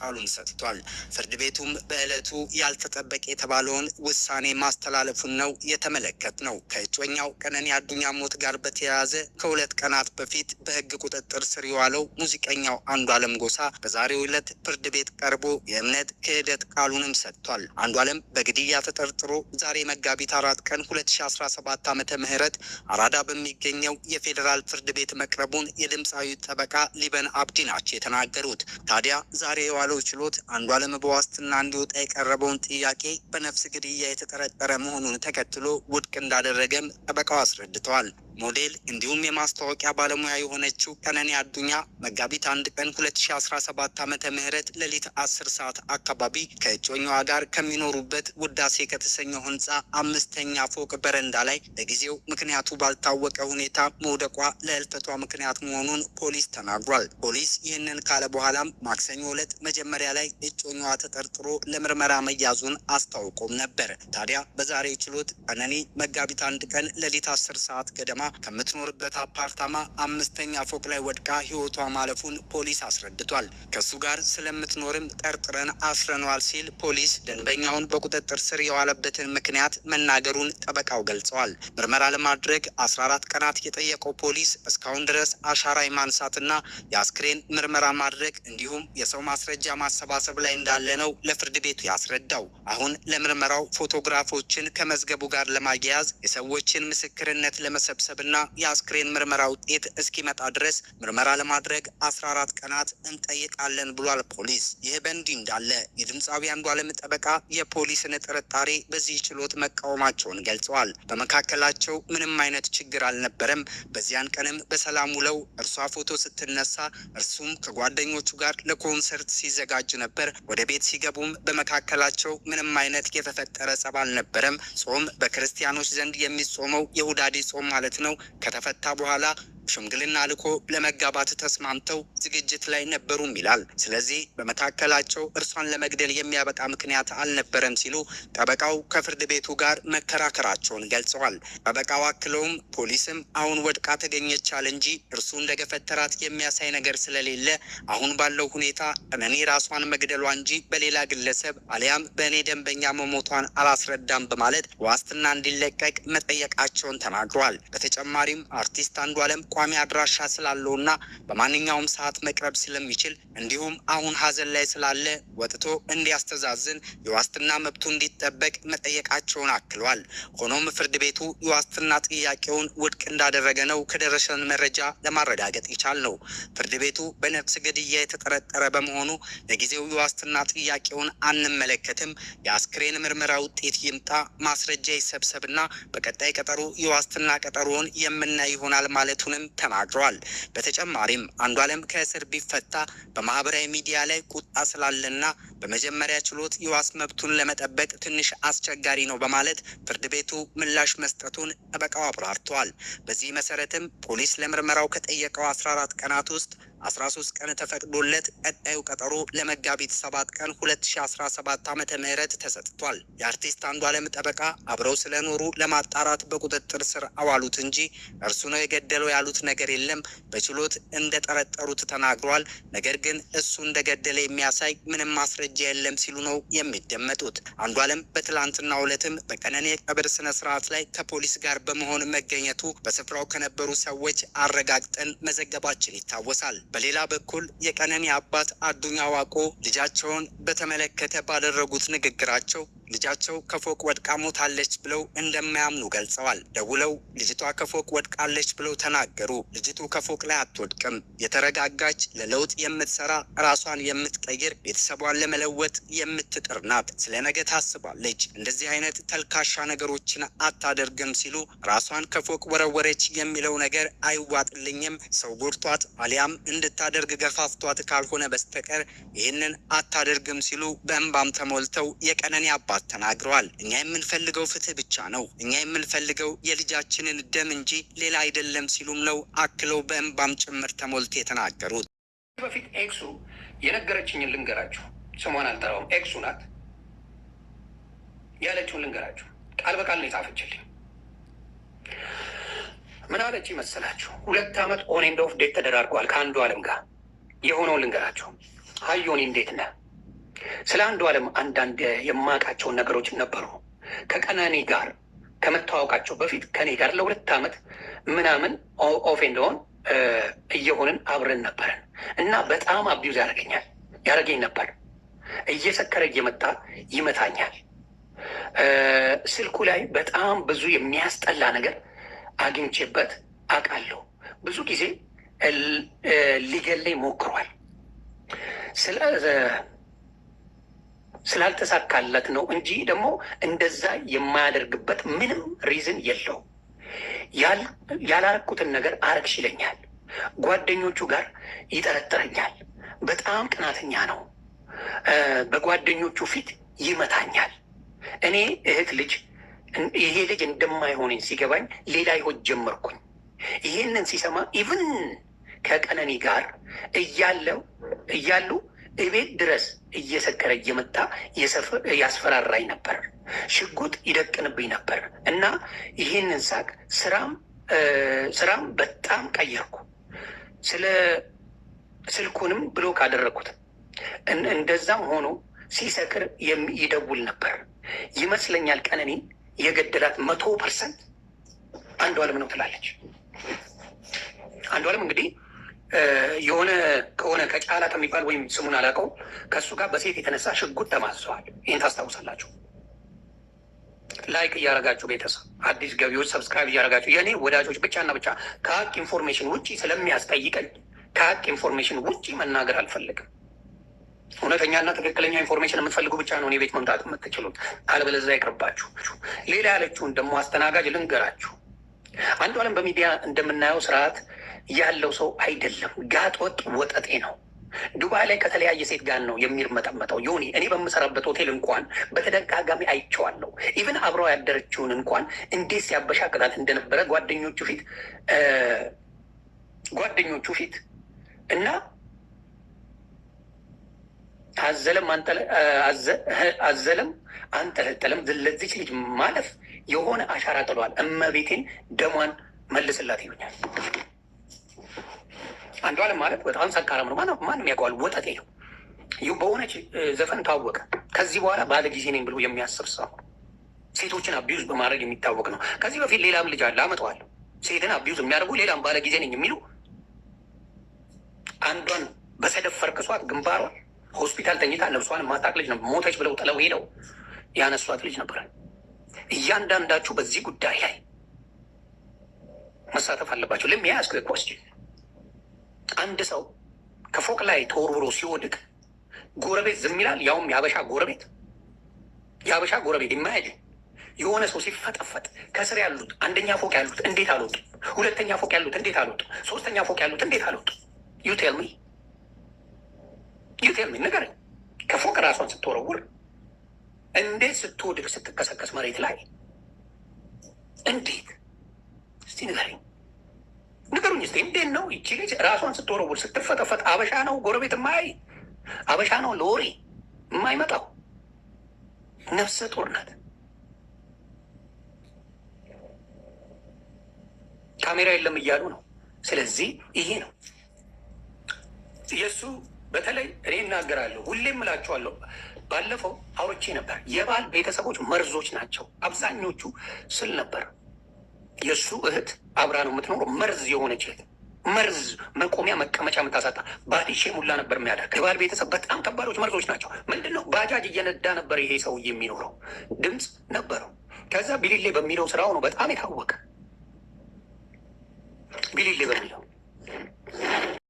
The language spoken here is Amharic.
ቃሉን ሰጥቷል። ፍርድ ቤቱም በዕለቱ ያልተጠበቀ የተባለውን ውሳኔ ማስተላለፉን ነው የተመለከት ነው። ከእጮኛው ቀነኒ አዱኛ ሞት ጋር በተያያዘ ከሁለት ቀናት በፊት በህግ ቁጥጥር ስር የዋለው ሙዚቀኛው አንዱዓለም ጎሳ በዛሬው ዕለት ፍርድ ቤት ቀርቦ የእምነት ክህደት ቃሉንም ሰጥቷል። አንዱዓለም በግድያ ተጠርጥሮ ዛሬ መጋቢት አራት ቀን ሁለት ሺ አስራ ሰባት ዓመተ ምህረት አራዳ በሚገኘው የፌዴራል ፍርድ ቤት መቅረቡን የድምፃዊ ጠበቃ ሊበን አብዲ ናቸው የተናገሩት። ታዲያ ዛሬ የዋለው በዋለው ችሎት አንዷለም በዋስትና እንዲወጣ የቀረበውን ጥያቄ በነፍስ ግድያ የተጠረጠረ መሆኑን ተከትሎ ውድቅ እንዳደረገም ጠበቃው አስረድተዋል። ሞዴል እንዲሁም የማስታወቂያ ባለሙያ የሆነችው ቀነኒ አዱኛ መጋቢት አንድ ቀን 2017 ዓመተ ምህረት ሌሊት 10 ሰዓት አካባቢ ከእጮኛዋ ጋር ከሚኖሩበት ውዳሴ ከተሰኘው ህንፃ አምስተኛ ፎቅ በረንዳ ላይ ለጊዜው ምክንያቱ ባልታወቀ ሁኔታ መውደቋ ለህልፈቷ ምክንያት መሆኑን ፖሊስ ተናግሯል። ፖሊስ ይህንን ካለ በኋላም ማክሰኞ ዕለት መጀመሪያ ላይ እጮኛዋ ተጠርጥሮ ለምርመራ መያዙን አስታውቆም ነበር። ታዲያ በዛሬው ችሎት ቀነኒ መጋቢት አንድ ቀን ሌሊት አስር ሰዓት ገደማ ከምትኖርበት አፓርታማ አምስተኛ ፎቅ ላይ ወድቃ ህይወቷ ማለፉን ፖሊስ አስረድቷል። ከሱ ጋር ስለምትኖርም ጠርጥረን አስረኗል ሲል ፖሊስ ደንበኛውን በቁጥጥር ስር የዋለበትን ምክንያት መናገሩን ጠበቃው ገልጸዋል። ምርመራ ለማድረግ አስራ አራት ቀናት የጠየቀው ፖሊስ እስካሁን ድረስ አሻራ የማንሳትና የአስክሬን ምርመራ ማድረግ እንዲሁም የሰው ማስረጃ ማሰባሰብ ላይ እንዳለ ነው ለፍርድ ቤቱ ያስረዳው። አሁን ለምርመራው ፎቶግራፎችን ከመዝገቡ ጋር ለማያያዝ የሰዎችን ምስክርነት ለመሰብሰብ መሰብሰብና የአስክሬን ምርመራ ውጤት እስኪመጣ ድረስ ምርመራ ለማድረግ አስራ አራት ቀናት እንጠይቃለን ብሏል ፖሊስ። ይህ በእንዲህ እንዳለ የድምፃዊ አንዷለም ጠበቃ የፖሊስን ጥርጣሬ በዚህ ችሎት መቃወማቸውን ገልጸዋል። በመካከላቸው ምንም አይነት ችግር አልነበረም። በዚያን ቀንም በሰላም ውለው እርሷ ፎቶ ስትነሳ እርሱም ከጓደኞቹ ጋር ለኮንሰርት ሲዘጋጅ ነበር። ወደ ቤት ሲገቡም በመካከላቸው ምንም አይነት የተፈጠረ ጸብ አልነበረም። ጾም በክርስቲያኖች ዘንድ የሚጾመው የሁዳዴ ጾም ማለት ነው። ከተፈታ በኋላ ሽምግልና ልኮ ለመጋባት ተስማምተው ዝግጅት ላይ ነበሩም ይላል። ስለዚህ በመካከላቸው እርሷን ለመግደል የሚያበቃ ምክንያት አልነበረም ሲሉ ጠበቃው ከፍርድ ቤቱ ጋር መከራከራቸውን ገልጸዋል። ጠበቃው አክለውም ፖሊስም አሁን ወድቃ ተገኘቻል እንጂ እርሱ እንደገፈተራት የሚያሳይ ነገር ስለሌለ አሁን ባለው ሁኔታ እመኔ ራሷን መግደሏ እንጂ በሌላ ግለሰብ አሊያም በእኔ ደንበኛ መሞቷን አላስረዳም በማለት ዋስትና እንዲለቀቅ መጠየቃቸውን ተናግሯል። በተጨማሪም አርቲስት አንዱ አለም ቋሚ አድራሻ ስላለውና በማንኛውም ሰዓት መቅረብ ስለሚችል እንዲሁም አሁን ሀዘን ላይ ስላለ ወጥቶ እንዲያስተዛዝን የዋስትና መብቱ እንዲጠበቅ መጠየቃቸውን አክሏል። ሆኖም ፍርድ ቤቱ የዋስትና ጥያቄውን ውድቅ እንዳደረገ ነው ከደረሰን መረጃ ለማረጋገጥ ይቻል ነው። ፍርድ ቤቱ በነፍስ ግድያ የተጠረጠረ በመሆኑ ለጊዜው የዋስትና ጥያቄውን አንመለከትም፣ የአስክሬን ምርመራ ውጤት ይምጣ፣ ማስረጃ ይሰብሰብና በቀጣይ ቀጠሮ የዋስትና ቀጠሮውን የምናይ ይሆናል ማለቱንም መሆኑንም ተናግረዋል። በተጨማሪም አንዷለም ከእስር ቢፈታ በማህበራዊ ሚዲያ ላይ ቁጣ ስላለና በመጀመሪያ ችሎት የዋስ መብቱን ለመጠበቅ ትንሽ አስቸጋሪ ነው በማለት ፍርድ ቤቱ ምላሽ መስጠቱን ጠበቃው አብራርተዋል። በዚህ መሰረትም ፖሊስ ለምርመራው ከጠየቀው አስራ አራት ቀናት ውስጥ ሶስት ቀን ተፈቅዶለት ቀጣዩ ቀጠሮ ለመጋቢት 7 ቀን 2017 አመተ ምህረት ተሰጥቷል። የአርቲስት አለም ጠበቃ አብረው ስለኖሩ ለማጣራት በቁጥጥር ስር አዋሉት እንጂ እርሱ ነው የገደለው ያሉት ነገር የለም። በችሎት እንደጠረጠሩት ተናግሯል። ነገር ግን እሱ እንደገደለ የሚያሳይ ምንም ማስረጃ የለም ሲሉ ነው የሚደመጡት። አለም በትላንትና ሁለትም በቀነኔ ቀብር ስነ ስርዓት ላይ ከፖሊስ ጋር በመሆን መገኘቱ በስፍራው ከነበሩ ሰዎች አረጋግጠን መዘገባችን ይታወሳል። በሌላ በኩል የቀነኒ አባት አዱኛ ዋቆ ልጃቸውን በተመለከተ ባደረጉት ንግግራቸው ልጃቸው ከፎቅ ወድቃ ሞታለች ብለው እንደማያምኑ ገልጸዋል። ደውለው ልጅቷ ከፎቅ ወድቃለች ብለው ተናገሩ። ልጅቱ ከፎቅ ላይ አትወድቅም። የተረጋጋች ለለውጥ የምትሰራ ራሷን የምትቀይር ቤተሰቧን ለመለወጥ የምትጥር ናት። ስለ ነገ ታስባለች። እንደዚህ አይነት ተልካሻ ነገሮችን አታደርግም ሲሉ ራሷን ከፎቅ ወረወረች የሚለው ነገር አይዋጥልኝም። ሰው ጎድቷት አሊያም እንድታደርግ ገፋፍቷት ካልሆነ በስተቀር ይህንን አታደርግም ሲሉ በእንባም ተሞልተው የቀነኒ አባት በኩራት ተናግረዋል። እኛ የምንፈልገው ፍትህ ብቻ ነው፣ እኛ የምንፈልገው የልጃችንን ደም እንጂ ሌላ አይደለም ሲሉም ነው አክለው በእንባም ጭምር ተሞልት የተናገሩት። በፊት ኤክሱ የነገረችኝን ልንገራችሁ። ስሟን አልጠራውም። ኤክሱ ናት ያለችውን ልንገራችሁ። ቃል በቃል ነው የጻፈችልኝ። ምን አለች መሰላችሁ? ሁለት ዓመት ኦኔ ኤንድ ዴት ተደራርጓል ከአንዱ አለም ጋር የሆነውን ልንገራችሁ። ሀይ እንዴት ነህ? ስለ አንዱ ዓለም አንዳንድ የማውቃቸውን ነገሮች ነበሩ። ከቀነኒ ጋር ከመተዋወቃቸው በፊት ከኔ ጋር ለሁለት ዓመት ምናምን ኦፍ እንደሆን እየሆንን አብረን ነበረን እና በጣም አቢዩዝ ያደረገኛል ያደረገኝ ነበር። እየሰከረ እየመጣ ይመታኛል። ስልኩ ላይ በጣም ብዙ የሚያስጠላ ነገር አግኝቼበት አውቃለሁ። ብዙ ጊዜ ሊገለኝ ሞክሯል። ስለ ስላልተሳካለት ነው እንጂ ደግሞ እንደዛ የማያደርግበት ምንም ሪዝን የለው ያላረኩትን ነገር አረግሽ ይለኛል። ጓደኞቹ ጋር ይጠረጥረኛል። በጣም ቅናተኛ ነው። በጓደኞቹ ፊት ይመታኛል። እኔ እህት ልጅ ይሄ ልጅ እንደማይሆነኝ ሲገባኝ ሌላ ህይወት ጀመርኩኝ። ይሄንን ሲሰማ ኢቭን ከቀነኒ ጋር እያለው እያሉ እቤት ድረስ እየሰከረ እየመጣ ያስፈራራኝ ነበር፣ ሽጉጥ ይደቅንብኝ ነበር እና ይህንን ሳቅ ስራም በጣም ቀየርኩ። ስለ ስልኩንም ብሎክ አደረግኩት። እንደዛም ሆኖ ሲሰክር ይደውል ነበር። ይመስለኛል ቀነኒ የገደላት መቶ ፐርሰንት አለም ነው ትላለች። አለም እንግዲህ የሆነ ከሆነ ከጫላ ከሚባል ወይም ስሙን አላቀው ከእሱ ጋር በሴት የተነሳ ሽጉጥ ተማዝዘዋል። ይህን ታስታውሳላችሁ። ላይክ እያረጋችሁ ቤተሰብ አዲስ ገቢዎች ሰብስክራይብ እያረጋችሁ የእኔ ወዳጆች ብቻና ብቻ ከሀቅ ኢንፎርሜሽን ውጭ ስለሚያስጠይቀኝ ከሀቅ ኢንፎርሜሽን ውጭ መናገር አልፈልግም። እውነተኛና ትክክለኛ ኢንፎርሜሽን የምትፈልጉ ብቻ ነው እኔ ቤት መምጣት የምትችሉት፣ አለበለዚያ ይቅርባችሁ። ሌላ ያለችውን ደግሞ አስተናጋጅ ልንገራችሁ። አንዱ አለም በሚዲያ እንደምናየው ስርዓት ያለው ሰው አይደለም። ጋጥ ወጠጤ ነው። ዱባይ ላይ ከተለያየ ሴት ጋር ነው የሚርመጠመጠው። ዮኒ እኔ በምሰራበት ሆቴል እንኳን በተደጋጋሚ አይቼዋለሁ። ኢቨን አብረው ያደረችውን እንኳን እንዴት ሲያበሻ እንደነበረ ጓደኞቹ ፊት ጓደኞቹ ፊት እና አዘለም አዘለም አንጠለጠለም ለዚች ልጅ ማለፍ የሆነ አሻራ ጥሏል። እመቤቴን ደሟን መልስላት ይሉኛል። አንዱ አለም ማለት በጣም ሰካራም ነው። ማንም ያውቀዋል። ወጠጤ ነው። ይህ በሆነች ዘፈን ታወቀ። ከዚህ በኋላ ባለ ጊዜ ነኝ ብሎ የሚያስብ ሰው ሴቶችን አቢዩዝ በማድረግ የሚታወቅ ነው። ከዚህ በፊት ሌላም ልጅ አለ፣ አመጣዋለሁ። ሴትን አቢዩዝ የሚያደርጉ ሌላም ባለ ጊዜ ነኝ የሚሉ አንዷን በሰደፍ ፈርክሷት ግንባሯን ሆስፒታል ተኝታ ነብሷን ማታቅ ልጅ ነው ሞተች ብለው ጥለው ሄደው ያነሷት ልጅ ነበረ። እያንዳንዳችሁ በዚህ ጉዳይ ላይ መሳተፍ አለባቸው። ለሚያስክ ኮስችን አንድ ሰው ከፎቅ ላይ ተወርውሮ ሲወድቅ ጎረቤት ዝም ይላል። ያውም የአበሻ ጎረቤት የአበሻ ጎረቤት የማያጅ የሆነ ሰው ሲፈጠፈጥ ከስር ያሉት አንደኛ ፎቅ ያሉት እንዴት አልወጡ? ሁለተኛ ፎቅ ያሉት እንዴት አልወጡ? ሶስተኛ ፎቅ ያሉት እንዴት አልወጡ? ዩቴልሚ ዩቴልሚ ነገር ከፎቅ ራሷን ስትወረውር እንዴት ስትወድቅ ስትከሰከስ መሬት ላይ እንዴት? እስቲ ንገረኝ። ንገሩኝ እስኪ እንዴት ነው ይቺ ልጅ ራሷን ስትወረውር ስትፈጠፈጥ አበሻ ነው ጎረቤት የማያይ አበሻ ነው ሎሪ የማይመጣው ነፍሰ ጡር ናት። ካሜራ የለም እያሉ ነው። ስለዚህ ይሄ ነው የእሱ በተለይ እኔ እናገራለሁ፣ ሁሌም እላችኋለሁ። ባለፈው አውርቼ ነበር። የባል ቤተሰቦች መርዞች ናቸው አብዛኞቹ ስል ነበር። የእሱ እህት አብራ ነው የምትኖረው። መርዝ የሆነች እህት መርዝ መቆሚያ መቀመጫ የምታሳጣ ባዲሼ ሙላ ነበር የሚያዳክ የባል ቤተሰብ በጣም ከባዶች መርዞች ናቸው። ምንድን ነው ባጃጅ እየነዳ ነበር ይሄ ሰውዬ የሚኖረው። ድምፅ ነበረው። ከዛ ቢሊሌ በሚለው ስራው ነው በጣም የታወቀ ቢሊሌ በሚለው